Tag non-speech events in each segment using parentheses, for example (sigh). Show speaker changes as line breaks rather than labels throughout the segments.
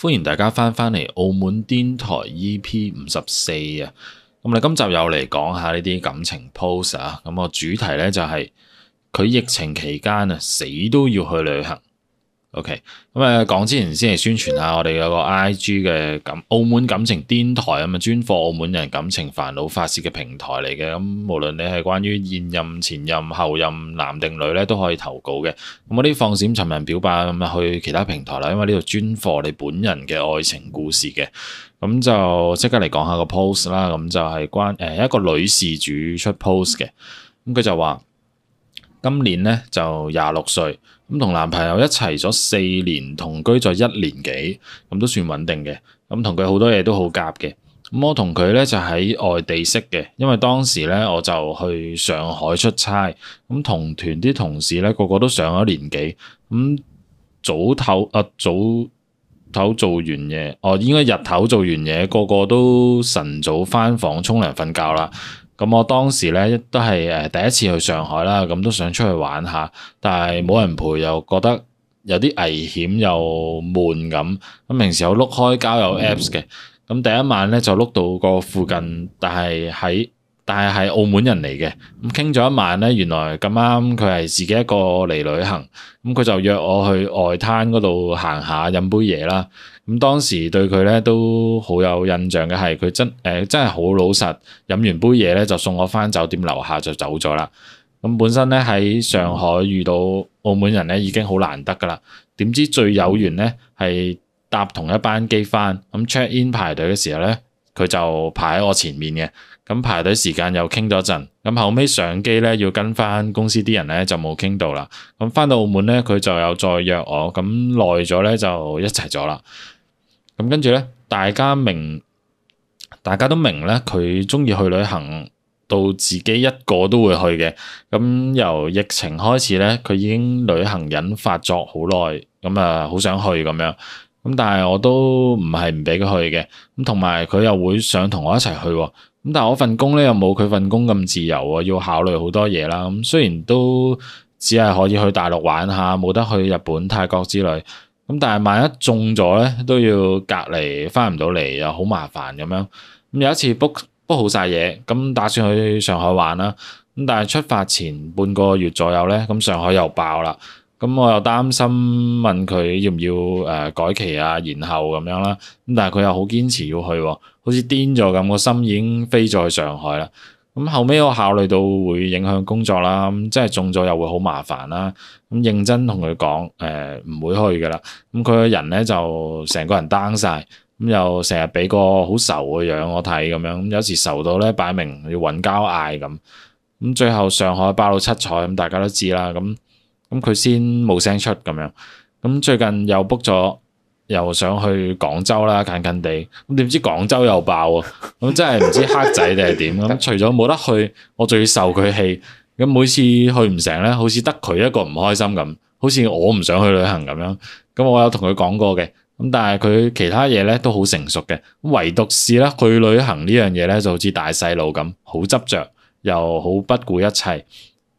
歡迎大家返返嚟《澳門癲台 EP 五十四》啊，咁我今集又嚟講下呢啲感情 post 啊，咁個主題呢就係、是、佢疫情期間啊死都要去旅行。OK，咁誒，講之前先嚟宣傳下我哋有個 IG 嘅，感澳門感情癲台咁啊，專貨澳門人感情煩惱發泄嘅平台嚟嘅。咁無論你係關於現任、前任、後任、男定女咧，都可以投稿嘅。咁啲放閃、尋人、表白咁啊，去其他平台啦，因為呢度專貨你本人嘅愛情故事嘅。咁就即刻嚟講下個 post 啦。咁就係關誒一個女事主出 post 嘅，咁佢就話今年咧就廿六歲。咁同男朋友一齊咗四年，同居咗一年幾，咁都算穩定嘅。咁同佢好多嘢都好夾嘅。咁我同佢呢就喺外地識嘅，因為當時呢我就去上海出差，咁同團啲同事呢個個都上咗年紀，咁早頭啊早頭做完嘢，哦應該日頭做完嘢，個個都晨早翻房沖涼瞓覺啦。咁我當時咧都係誒第一次去上海啦，咁都想出去玩下，但係冇人陪又覺得有啲危險又悶咁。咁平時有碌開交友 Apps 嘅，咁第一晚咧就碌到個附近，但係喺但係係澳門人嚟嘅，咁傾咗一晚咧，原來咁啱佢係自己一個嚟旅行，咁佢就約我去外灘嗰度行下飲杯嘢啦。咁當時對佢咧都好有印象嘅係，佢、呃、真誒真係好老實，飲完杯嘢咧就送我翻酒店樓下就走咗啦。咁本身咧喺上海遇到澳門人咧已經好難得噶啦，點知最有緣咧係搭同一班機翻，咁 check in 排隊嘅時候咧佢就排喺我前面嘅，咁排隊時間又傾咗陣，咁後尾上機咧要跟翻公司啲人咧就冇傾到啦。咁翻到澳門咧佢就有再約我，咁耐咗咧就一齊咗啦。咁跟住咧，大家明，大家都明咧，佢中意去旅行，到自己一個都會去嘅。咁、嗯、由疫情開始咧，佢已經旅行癮發作好耐，咁、嗯、啊，好想去咁樣。咁、嗯、但係我都唔係唔俾佢去嘅。咁同埋佢又會想同我一齊去。咁、嗯、但係我份工咧又冇佢份工咁自由啊，要考慮好多嘢啦。咁、嗯、雖然都只係可以去大陸玩下，冇得去日本、泰國之類。咁但係萬一中咗咧，都要隔離，翻唔到嚟又好麻煩咁樣。咁有一次 book book 好晒嘢，咁打算去上海玩啦。咁但係出發前半個月左右咧，咁上海又爆啦。咁我又擔心問佢要唔要誒、呃、改期啊，然後咁樣啦。咁但係佢又好堅持要去，好似癲咗咁，個心已經飛咗去上海啦。咁後尾我考慮到會影響工作啦，咁即係中咗又會好麻煩啦。咁認真同佢講，誒、呃，唔會去噶啦。咁佢個人咧就成個人 down 晒，咁又成日俾個好愁嘅樣我睇咁樣。咁有時愁到咧，擺明要搵交嗌咁。咁最後上海爆到七彩咁大家都知啦。咁咁佢先冇聲出咁樣。咁最近又 book 咗。又想去廣州啦，近近地，咁點知廣州又爆啊！咁真係唔知黑仔定係點咁。除咗冇得去，我仲要受佢氣。咁每次去唔成咧，好似得佢一個唔開心咁，好似我唔想去旅行咁樣。咁我有同佢講過嘅，咁但係佢其他嘢咧都好成熟嘅，唯獨是咧去旅行呢樣嘢咧，就好似大細路咁好執着，又好不顧一切。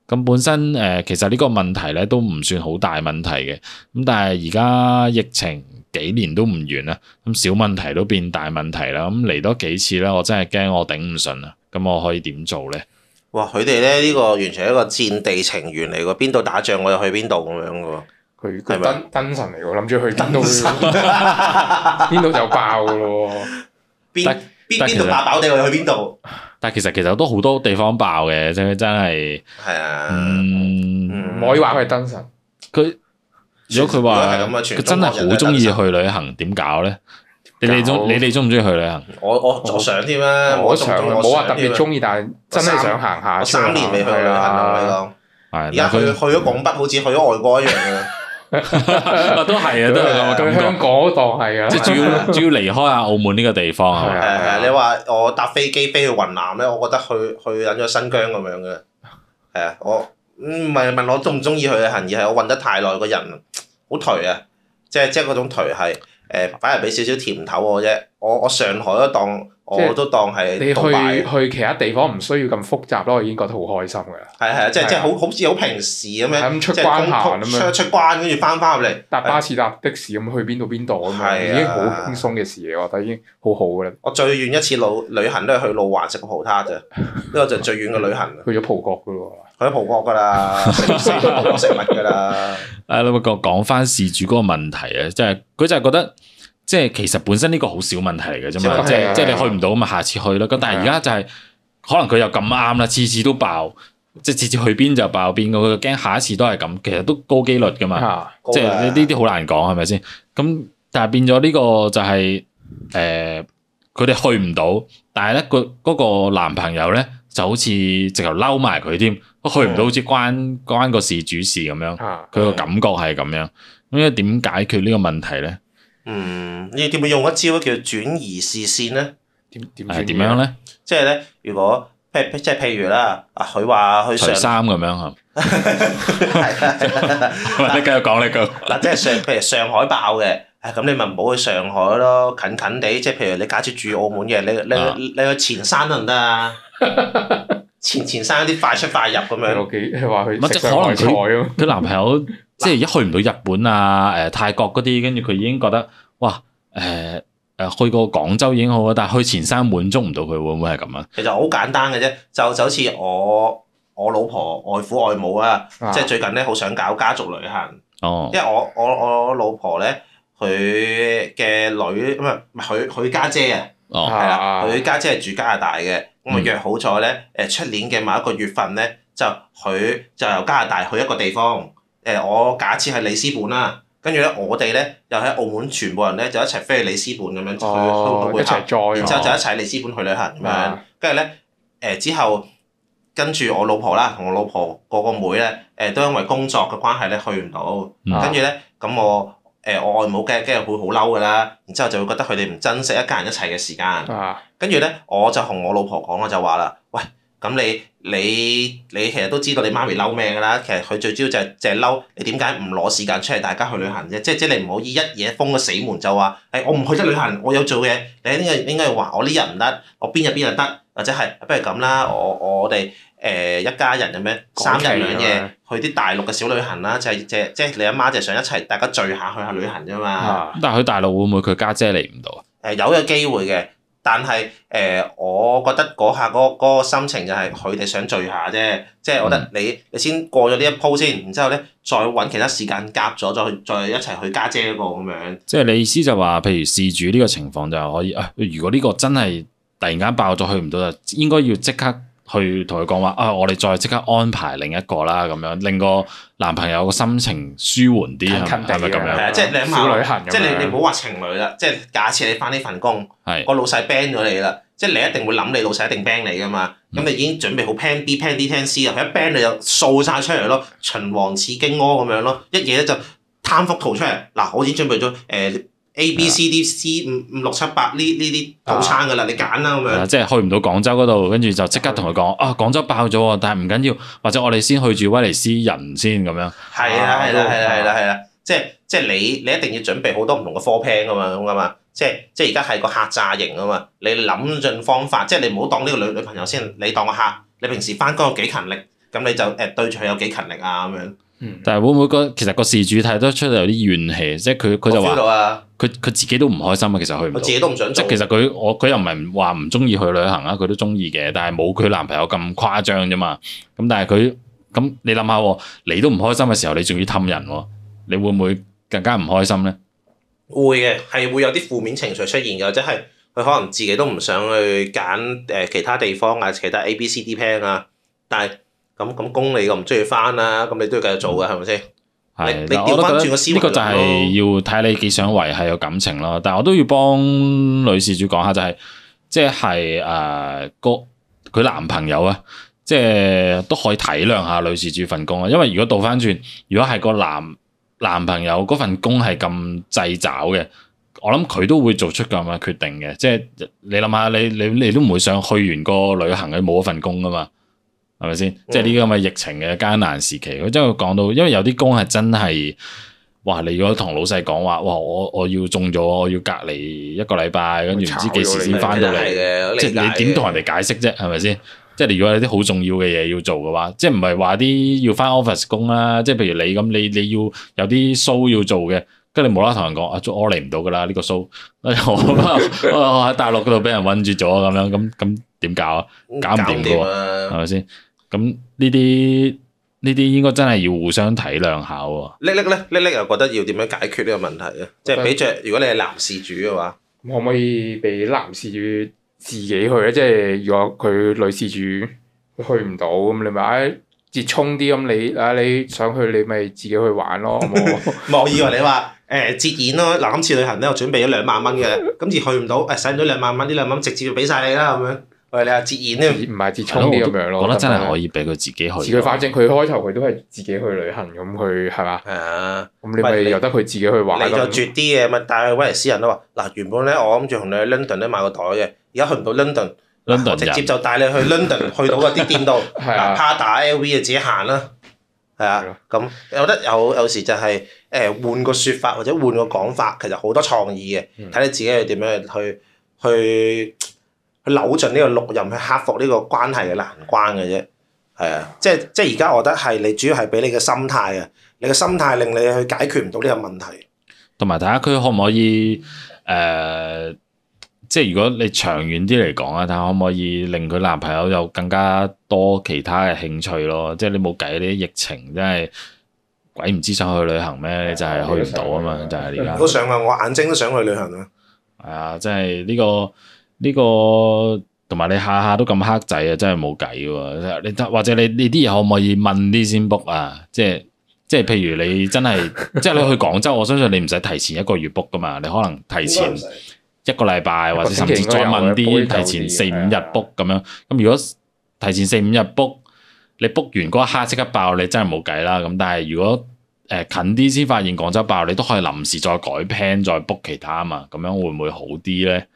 咁本身誒、呃，其實呢個問題咧都唔算好大問題嘅。咁但係而家疫情，幾年都唔完啦，咁小問題都變大問題啦，咁嚟多幾次咧，我真係驚我頂唔順啦，咁我可以點做咧？
哇！佢哋咧呢個完全係一個戰地情緣嚟嘅，邊度打仗我又去邊度咁樣嘅喎。佢燈燈神嚟喎，諗住去燈到邊度就爆嘅咯。邊邊
邊條馬地
我就去邊度。
但其實但其實都好多地方爆嘅，即係真真係。係啊，唔、嗯嗯、可以話係燈神佢。如果佢話佢真係好中意去旅行，點搞咧？你你中你哋中唔中意去旅行？
我我我想添啦，我冇話特別中意，但係真係想行下。三年未去旅行啦，你講。而家去去
咗拱北，好似去咗外國一樣啊！
都係啊，都係咁。香港都啊，即係主要
主要離開下澳門呢個地方。係你
話我搭飛機飛去雲南咧，我覺得去去咗新疆咁樣嘅。係啊，我唔問問我中唔中意去旅行，而係我運得太耐個人。好頹啊！即係即係嗰種頹係，誒反而俾少少甜頭我、啊、啫。我我上海都當，我都當係。你去
去其他地方唔需要咁複雜咯，我已經覺得好開心噶啦。係係啊，即係即係好好似好平時咁樣。出關咁樣，出出關跟住翻翻入嚟。搭巴士搭的士咁去邊度邊度咁樣，已經好輕鬆嘅事嚟喎，但係已經好好噶啦。我最遠一次路旅行都係去路環食個
葡撻啫，呢個就最遠嘅旅行。
去咗葡國噶喎。
去咗葡國噶啦，食食葡國食物
噶啦。誒，你咪講講翻事主嗰個問題啊，即係佢就係覺得。即係其實本身呢個好少問題嚟嘅啫嘛，的即係即係你去唔到啊嘛，就是，下次去咯。咁但係而家就係、是、的可能佢又咁啱啦，次次都爆，即係次次去邊就爆邊。佢驚下一次都係咁，其實都高機率噶嘛。即係呢啲好難講，係咪先？咁但係變咗呢個就係、是、誒，佢、呃、哋去唔到，但係咧個個男朋友咧就好似直頭嬲埋佢添，去唔到好似關關個事主事咁樣。佢個的、嗯、感覺係咁樣。咁一點解決呢個問題咧？
嗯，你點會用一招叫轉移視線咧？點點點樣咧？即係咧，如果譬即係譬如啦，啊佢話去上山咁樣啊，你繼續講呢句。嗱，即係上譬如上海爆嘅，咁你咪唔好去上海咯，近近地。即係譬如你假設住澳門嘅，你你你去前山得唔得啊？前前山啲快出快入咁樣。O K，佢話去食上海菜咯。
佢男朋友。即係一去唔到日本啊，誒、呃、泰國嗰啲，跟住佢已經覺得哇誒誒、呃、去個廣州已經好啊，但係去前山滿足唔到佢，會唔會係咁啊？
其實好簡單嘅啫，就就好似我我老婆外父外母啊，啊即係最近咧好想搞家族旅行，哦、因為我我我老婆咧佢嘅女唔係佢佢家姐啊，係啦、哦，佢家姐係住加拿大嘅，咁啊約好咗咧誒，出年嘅某一個月份咧就佢就由加拿大去一個地方。誒我假設係里斯本啦、啊，跟住咧我哋咧又喺澳門全部人咧就一齊飛去里斯本咁樣、哦、去到一到再、哦，然之後就一齊里斯本去旅行咁樣、啊呃，跟住咧誒之後跟住我老婆啦，同我老婆個個妹咧誒、呃、都因為工作嘅關係咧去唔到，跟住咧咁我誒、呃、我外母梗係梗係會好嬲㗎啦，然之後就會覺得佢哋唔珍惜一家人一齊嘅時間，跟住咧我就同我老婆講我就話啦，喂咁你。你你其實都知道你媽咪嬲咩㗎啦，其實佢最主要就係就係嬲你點解唔攞時間出嚟大家去旅行啫，即即你唔可以一嘢封個死門就話，誒、欸、我唔去得旅行，我有做嘢，你應該應該話我呢日唔得，我邊日邊日得，或者係不如咁啦，我我哋誒、呃、一家人咁樣三日兩夜去啲大陸嘅小旅行啦，就係即即，即你阿媽，媽就係想一齊大家聚下去下旅行啫嘛、
嗯。但係去大陸會唔會佢家姐嚟唔到
啊？誒有個機會嘅。但係誒、呃，我覺得嗰下嗰個心情就係佢哋想聚下啫，即係我覺得你你先過咗呢一鋪先，然之後咧再搵其他時間夾咗再去再一齊去家姐嗰個咁樣。
即係你意思就話，譬如事主呢個情況就可以啊，如果呢個真係突然間爆咗去唔到啦，應該要即刻。去同佢講話，啊！我哋再即刻安排另一個啦，咁樣令個男朋友個心情舒緩啲，係咪咁樣？係啊，即係你唔好旅行，即係你你唔好話
情侶啦。即係假設你翻呢份工，個老細 ban 咗你啦，即係你一定會諗，你老細一定 ban 你噶嘛。咁你已經準備好 plan B、plan D、plan C 啦。一 ban 你就掃晒出嚟咯，秦王似荊軻咁樣咯，一嘢咧就攤幅圖出嚟。嗱，我已經準備咗誒。A B C D C 五五六七八，呢呢啲套餐噶啦，你揀啦咁樣。即係
去唔到廣州嗰度，跟住就即刻同佢講啊！廣州爆咗啊，但係唔緊要，或者我哋先去住威尼斯人先咁樣。
係啊，係啦係啦係啦係啦，即係即係你你一定要準備好多唔同嘅 four plan 咁樣嘛！即係即係而家係個客炸型啊嘛！你諗盡方法，嗯、即係你唔好當呢個女女朋友先，你當個客。你平時翻工有幾勤力，咁你就誒、欸、對住佢有幾勤力啊咁樣。
嗯、但係會唔會個其實個事主睇都出有啲怨氣？即係佢佢就話。嗯佢佢自己都唔開心啊，其實我自己都唔想做，即係其實佢我佢又唔係話唔中意去旅行啊，佢都中意嘅，但係冇佢男朋友咁誇張啫嘛。咁但係佢咁你諗下，你都唔開心嘅時候，你仲要氹人，你會唔會更加唔開心咧？
會嘅，係會有啲負面情緒出現嘅，或者係佢可能自己都唔想去揀誒其他地方啊，其他 A、B、C、D plan 啊，但係咁咁供你咁唔中意翻啦，咁你都要繼續做嘅係咪先？嗯係，是你但我覺得呢個就係
要睇你幾想維繫有感情咯。哦、但係我都要幫女事主講下、就是，就係即係誒個佢男朋友啊，即、就、係、是、都可以體諒下女事主份工啊。因為如果倒翻轉，如果係個男男朋友嗰份工係咁制找嘅，我諗佢都會做出咁嘅決定嘅。即係你諗下，你想想你你，你都唔會想去完個旅行去冇一份工噶嘛。係咪先？ (music) 即係呢啲咁嘅疫情嘅艱難時期，佢真係會講到，因為有啲工係真係，哇！你如果同老細講話，哇！我要我要中咗，我要隔離一個禮拜，跟住唔知幾時先翻到嚟，即係你點同人哋解釋啫？係咪先？即係你如果有啲好重要嘅嘢要做嘅話，即係唔係話啲要翻 office 工啦，即係譬如你咁，你你要有啲 show 要做嘅，你無無跟住冇啦同人講，啊，我，嚟唔到噶啦呢個 show，我喺大陸嗰度俾人韫住咗咁樣，咁咁點搞？搞唔掂噶，係咪先？ (music) (music) 咁呢啲呢啲應該真係要互相
體諒下喎、啊。叻叻咧，叻叻又覺得要點樣解決呢個問題咧？即係俾着，但如果你係男事
主嘅話，可唔可以俾男事主自己去咧？即係如果佢女事主去唔到，咁你咪唉接衝啲咁，你啊你想去你咪自己去玩咯，好唔好？我 (laughs) 以為你話誒折現咯。嗱，今次旅行咧我準備咗
兩萬蚊嘅， (laughs) 今次去唔到，誒使唔到兩萬蚊，呢兩萬蚊直接俾晒你啦咁樣。喂，你話節儉呢？唔係
節慘啲咁樣咯。講、嗯、覺得真係可以俾佢自己去。自佢反
正佢開頭佢都係自己去旅行咁去係嘛？啊，咁你咪由得佢自己去玩。你又絕啲嘢咪帶去威尼斯人
咯？嗱，原本咧我諗住同你去 London 咧買個袋嘅，而家去唔到 London 直接就帶你去 London (laughs) 去到 (laughs) 啊啲店度。係啊，Prada LV 就自己行啦。係啊，咁有、啊啊、得有有時就係、是、誒、呃、換個說法或者換個講法，其實好多創意嘅，睇你自己要點樣去去。去去去去去去佢扭盡呢個六壬去克服呢個關係嘅難關嘅啫，係啊的，即係即係而家，我覺得係你主要係俾你嘅心態啊，你嘅心態令你去解決唔到呢個問題。
同埋睇下佢可唔可以誒、呃，即係如果你長遠啲嚟講啊，睇下可唔可以令佢男朋友有更加多其他嘅興趣咯。即係你冇計，呢啲疫情真係鬼唔知想去旅行咩，就係去唔到啊嘛，就係而家。我想
啊，我眼睛都想去旅行啊。
係啊，即係呢、這個。呢個同埋你下下都咁黑仔啊，真係冇計喎！你或者你你啲嘢可唔可以問啲先 book 啊？即係即係譬如你真係 (laughs) 即係你去廣州，我相信你唔使提前一個月 book 噶嘛，你可能提前一個禮拜，或者甚至再問啲提前四五日 book 咁樣。咁如果提前四五日 book，你 book 完嗰一刻即刻爆，你真係冇計啦。咁但係如果誒近啲先發現廣州爆，你都可以臨時再改 plan 再 book 其他啊嘛，咁樣會唔會好啲咧？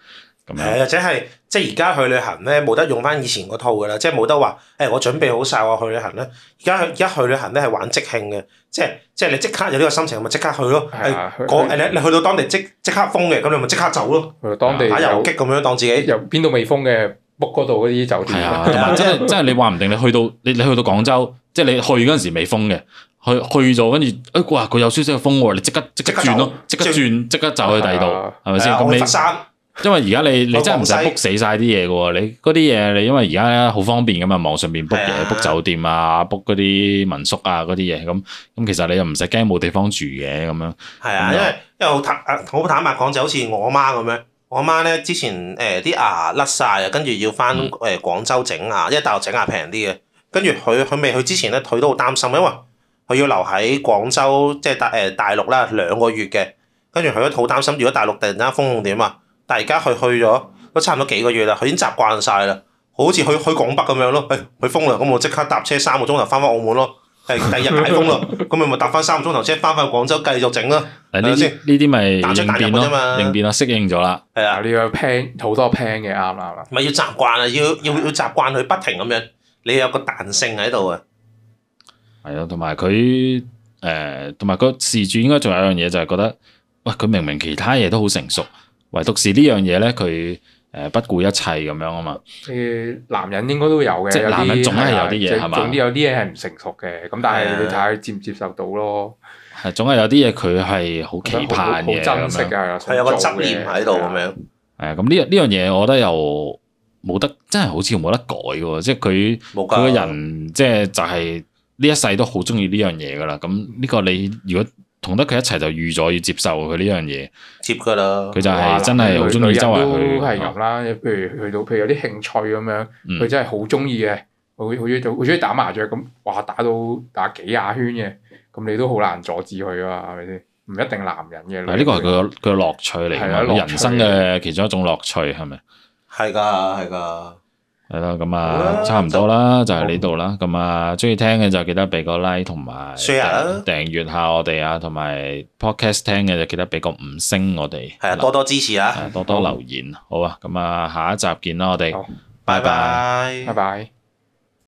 係，或者係即係而家去旅行咧，冇得用翻以前嗰套噶啦，即係冇得話誒，我準備好晒我去旅行咧。而家去而去旅行咧係玩即興嘅。即係即係你即刻有呢個心情，咪即刻去咯。係你去到當地即即刻封嘅，咁你
咪即刻走咯。去到當地打遊擊咁樣，當自己由邊度未封嘅 book 嗰度嗰啲酒店。係啊，同埋真係真係
你話唔定你去到你你去到廣州，即係你去嗰陣時未封嘅，去去咗跟住誒哇佢有消息封喎，你即刻即刻轉咯，即刻轉即刻走去第二度係咪先？咁因為而家你你真係唔使 book 死晒啲嘢嘅喎，你嗰啲嘢你因為而家好方便㗎嘛，網上面 book 嘢 book 酒店啊，book 嗰啲民宿啊嗰啲嘢咁咁，其實你又唔使驚冇地方住嘅咁樣。係
啊，就因為因為好坦好坦白講，就好似我媽咁樣，我媽咧之前誒啲、呃、牙甩晒，啊，跟住要翻誒廣州整下，嗯、因為大陸整下平啲嘅。跟住佢佢未去之前咧，佢都好擔心，因為佢要留喺廣州即係、就是、大誒、呃、大陸啦兩個月嘅。跟住佢都好擔心，如果大陸突然間封控點啊？但而家佢去咗都差唔多幾個月啦，佢已經習慣晒啦，好似去去廣北咁樣咯。誒、哎，佢封啦，咁我即刻搭車三個鐘頭翻返澳門咯。誒，第二日解封咯，咁咪搭翻三個鐘頭車翻返廣州繼續整咯。
睇下呢啲咪應變嘛？應變咯，適應咗啦。
係啊，呢
個 plan 好多 plan 嘅，啱
啦啱啦。咪要，要習慣啊，要要要習慣佢不停咁樣，你有個彈性喺度啊。
係啊，同埋佢誒，同埋個事主應該仲有一樣嘢就係覺得，喂，佢明，明明其他嘢都好成熟。唯獨是呢樣嘢咧，佢誒，不顧一切咁樣啊嘛。
誒，男人應該都有嘅，即係男人總係有啲嘢係嘛，總之有啲嘢係唔成熟嘅。咁但係你睇下接唔接受到咯，
係總係有啲嘢佢係好期盼好珍惜嘅，
係有個執念
喺度咁樣。
誒，咁呢呢樣嘢，我覺得又冇得，真係好似冇得改嘅，即係佢佢個人，即係就係呢一世都好中意呢樣嘢噶啦。咁呢個你如果。同得佢一齊就預咗要接受佢呢樣嘢，
接噶啦。
佢就係、係、哇真係好中意周圍去。女人都係咁
啦，譬如去到譬如有啲興趣咁樣，佢、嗯、真係好中意嘅。好我中意做，好中意打麻雀咁，哇打到打幾廿圈嘅，咁你都好難阻止佢啊，係咪先？唔一定男人嘅。呢個係佢個
佢個樂趣嚟，的人生嘅其中一種樂趣係
咪？係㗎，係㗎。
係啦，咁啊，差唔多啦，就係呢度啦。咁啊，中意聽嘅就記得俾個 like 同埋 share，訂閱下我哋啊，同埋 podcast 聽嘅就記得俾個五星我哋。係啊，多多
支持啊，
多多留言。好啊，咁啊，下一集見啦，我哋，拜拜，拜拜。